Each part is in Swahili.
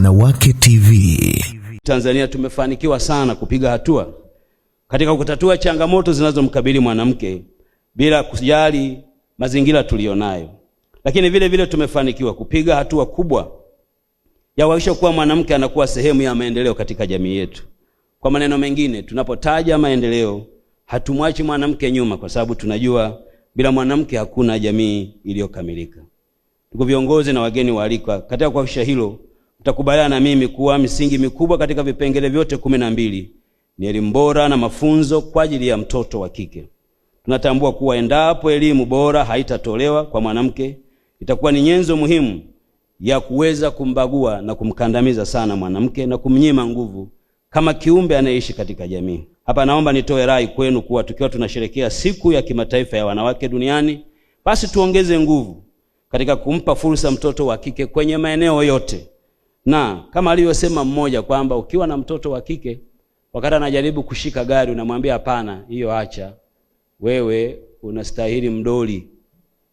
Wanawake TV. Tanzania tumefanikiwa sana kupiga hatua katika kutatua changamoto zinazomkabili mwanamke bila kujali mazingira tuliyonayo, lakini vile vile tumefanikiwa kupiga hatua kubwa ya kuhakikisha kuwa mwanamke anakuwa sehemu ya maendeleo katika jamii yetu. Kwa maneno mengine, tunapotaja maendeleo hatumwachi mwanamke nyuma, kwa sababu tunajua bila mwanamke hakuna jamii iliyokamilika. Ndugu viongozi na wageni waalikwa katika kuhakikisha hilo Mtakubaliana na mimi kuwa misingi mikubwa katika vipengele vyote kumi na mbili ni elimu bora na mafunzo kwa ajili ya mtoto wa kike. Tunatambua kuwa endapo elimu bora haitatolewa kwa mwanamke, itakuwa ni nyenzo muhimu ya kuweza kumbagua na kumkandamiza sana mwanamke na kumnyima nguvu kama kiumbe anayeishi katika jamii. Hapa naomba nitoe rai kwenu kuwa tukiwa tunasherekea siku ya kimataifa ya wanawake duniani, basi tuongeze nguvu katika kumpa fursa mtoto wa kike kwenye maeneo yote na kama alivyosema mmoja kwamba ukiwa na mtoto wa kike wakati anajaribu kushika gari unamwambia hapana, hiyo acha, wewe unastahili mdoli,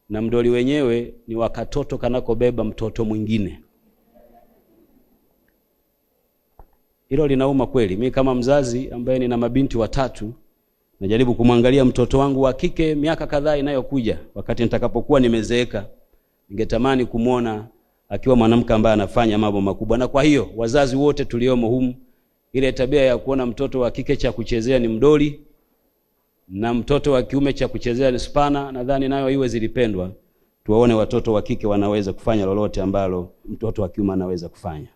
na mdoli wenyewe ni wakatoto kanakobeba mtoto mwingine. Hilo linauma kweli. Mi kama mzazi ambaye nina mabinti watatu najaribu kumwangalia mtoto wangu wa kike miaka kadhaa inayokuja, wakati nitakapokuwa nimezeeka, ningetamani kumwona akiwa mwanamke ambaye anafanya mambo makubwa. Na kwa hiyo wazazi wote tuliomo humu, ile tabia ya kuona mtoto wa kike cha kuchezea ni mdoli na mtoto wa kiume cha kuchezea ni spana, nadhani nayo iwe zilipendwa. Tuwaone watoto wa kike wanaweza kufanya lolote ambalo mtoto wa kiume anaweza kufanya.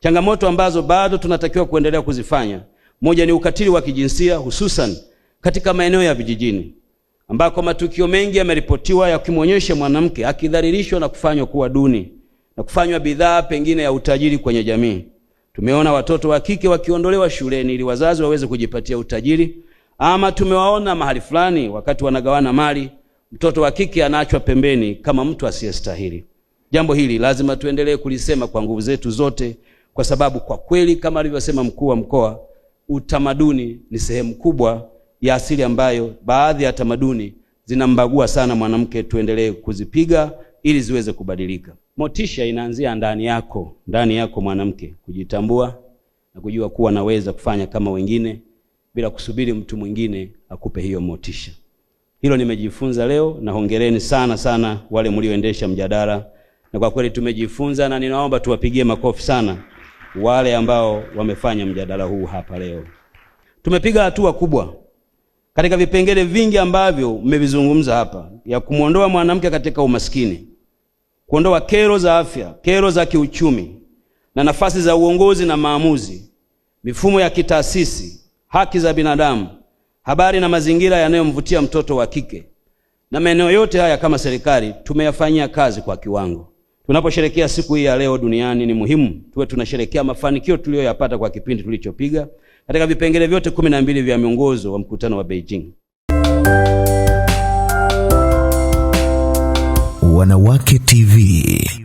Changamoto ambazo bado tunatakiwa kuendelea kuzifanya, moja ni ukatili wa kijinsia, hususan katika maeneo ya vijijini ambako matukio mengi yameripotiwa yakimwonyesha mwanamke akidhalilishwa na kufanywa kuwa duni na kufanywa bidhaa pengine ya utajiri kwenye jamii. Tumeona watoto wa kike wakiondolewa shuleni ili wazazi waweze kujipatia utajiri, ama tumewaona mahali fulani wakati wanagawana mali, mtoto wa kike anaachwa pembeni kama mtu asiyestahili. Jambo hili lazima tuendelee kulisema kwa nguvu zetu zote, kwa sababu kwa kweli, kama alivyosema mkuu wa mkoa, utamaduni ni sehemu kubwa ya asili ambayo baadhi ya tamaduni zinambagua sana mwanamke, tuendelee kuzipiga ili ziweze kubadilika. Motisha inaanzia ndani yako, ndani yako mwanamke, kujitambua na kujua kuwa naweza kufanya kama wengine bila kusubiri mtu mwingine akupe hiyo motisha. Hilo nimejifunza leo, na hongereni sana sana wale mlioendesha mjadala, na kwa kweli tumejifunza, na ninaomba tuwapigie makofi sana wale ambao wamefanya mjadala huu hapa leo. Tumepiga hatua kubwa katika vipengele vingi ambavyo mmevizungumza hapa, ya kumwondoa mwanamke katika umaskini, kuondoa kero za afya, kero za kiuchumi na nafasi za uongozi na maamuzi, mifumo ya kitaasisi, haki za binadamu, habari na mazingira yanayomvutia mtoto wa kike. Na maeneo yote haya kama serikali tumeyafanyia kazi kwa kiwango. Tunaposherekea siku hii ya leo duniani, ni muhimu tuwe tunasherekea mafanikio tuliyoyapata kwa kipindi tulichopiga katika vipengele vyote kumi na mbili vya miongozo wa mkutano wa Beijing. Wanawake TV.